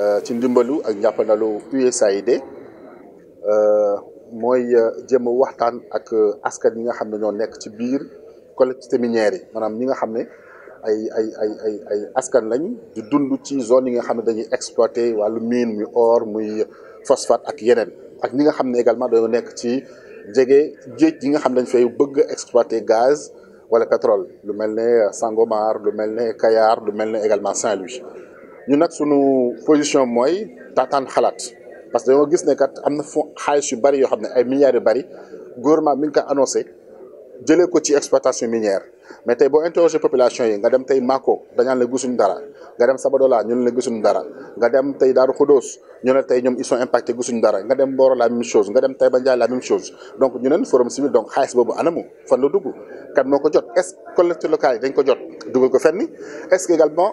Euh, ci ndimbalu ak njàppandalu USAID euh moy euh, jëm waxtaan ak euh, askan yi nga xam ñoo nekk ci biir collectivité minière manam ñi nga xam ay ay ay ay ay askan lañ di dund ci zone yi nga xam dañuy exploiter walu mine muy or muy phosphate ak yenen ak ñi nga xam également dañu nekk ci djégé djéj yi nga xam ne dañ fay bëgg exploiter gaz wala pétrole lu mel Sangomar lu mel Kayar lu mel également Saint-Louis ñu nag sunu position mooy taataan xalaat parce que dañoo gis ne kat am na fu xaalis yu bari, yoo xam ne ay milliards yu bari. gouvernement mi ngi ko annoncé jëlee ko ci exploitation minière mais tey boo interroger population yi nga dem tey Mako dañaan la gisuñu dara nga dem Sabadola ñu ne la gisuñu dara nga dem tey Daaru Xudoos ñu ne tey ñoom ils sont impactés gisuñu dara nga dem Mboro la même chose nga dem Taïba Ndiaye la même chose donc ñu neen forum civil donc xaalis boobu anamou, fan la dugg kan moo jot est-ce que collectivités locales yi dañ ko jot dugal ko fenn est-ce également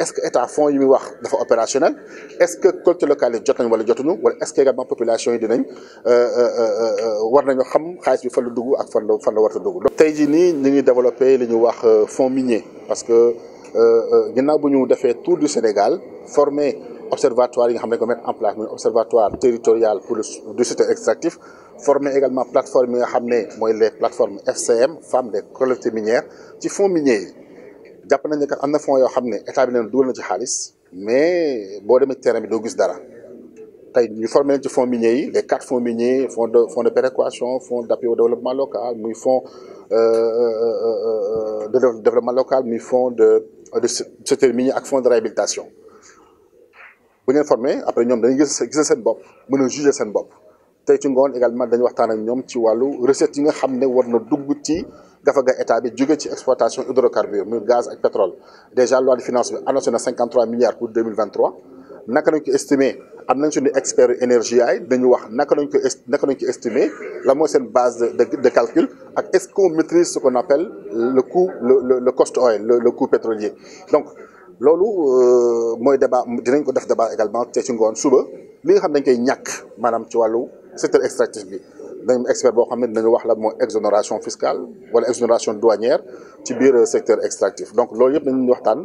est-ce que état fonds yi muy wax dafa opérationnel est-ce que collectivités locales yi jot wala jotunu wala est-ce que également population yi dinañ euh, euh, euh, war nañu xam xaalis bi fan la ak fan la warta dugg donc tey jii nii ñu ngi li ñu wax fonds minier parce que ginnaaw bu ñu défé tour du Sénégal formé observatoire yi nga xam ne ko mettre en place muy observatoire territorial pour le site extractif former également plateforme yi nga xam ne les plateformes FCM femmes des collectivités minières ci fonds minier jàpp nañ ne kat am na fonds yoo xam ne état bi neen dugal na ci xaalis mais boo demee terrain bi doo gis dara tey ñu formé ci fonds miniers yi les quatre fonds miniers fonds de fonds de péréquation fonds d'appui au développement local muy fonds euh, euh, euh, de développement local muy fonds de de secteur minier ak fonds de réhabilitation bu ngeen formé après ñoom dañuy gis gis seen bopp mën a juger seen bopp tey ci ngoon également dañu waxtaan ak ñoom ci wàllu recette yi nga xam ne war na dugg ci gafaga état bi jóge exploitation hydrocarbures m'ur gaz et pétrole déjà loi de finances annonce 53 milliards pour 2023 Nous avons estimé am nañ expert énergie nous dañu wax estimé la moyenne base de de calcul est-ce qu'on maîtrise ce qu'on appelle le coût le le cost oil le coût pétrolier donc lolu euh, moy débat dinañ ko def débat également cest ci ngone suba li nga xam dañ koy ñak manam ci c'est secteur extractif bi dañ expert bo xamné dañu wax la mo exonération fiscale wala exonération douanière ci biir euh, secteur extractif donc loolu yëpp nañu waxtaan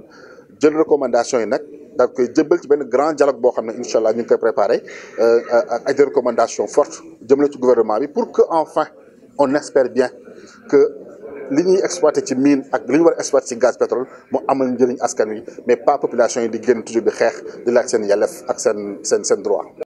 jël recommandation yi nak da koy jëbbal ci ben grand dialogue bo xamné ne ñu ngi préparer préparé euh, ak des recommandations fortes jëmale ci gouvernement bi pour que enfin on espère bien que li ñuy exploité ci mine ak li ñu war exploiter ci gaz pétrole mo amal njëriñ askan wi mais pas population yi di génn toujours di xeex di laaj seen yelleef ak seen seen droit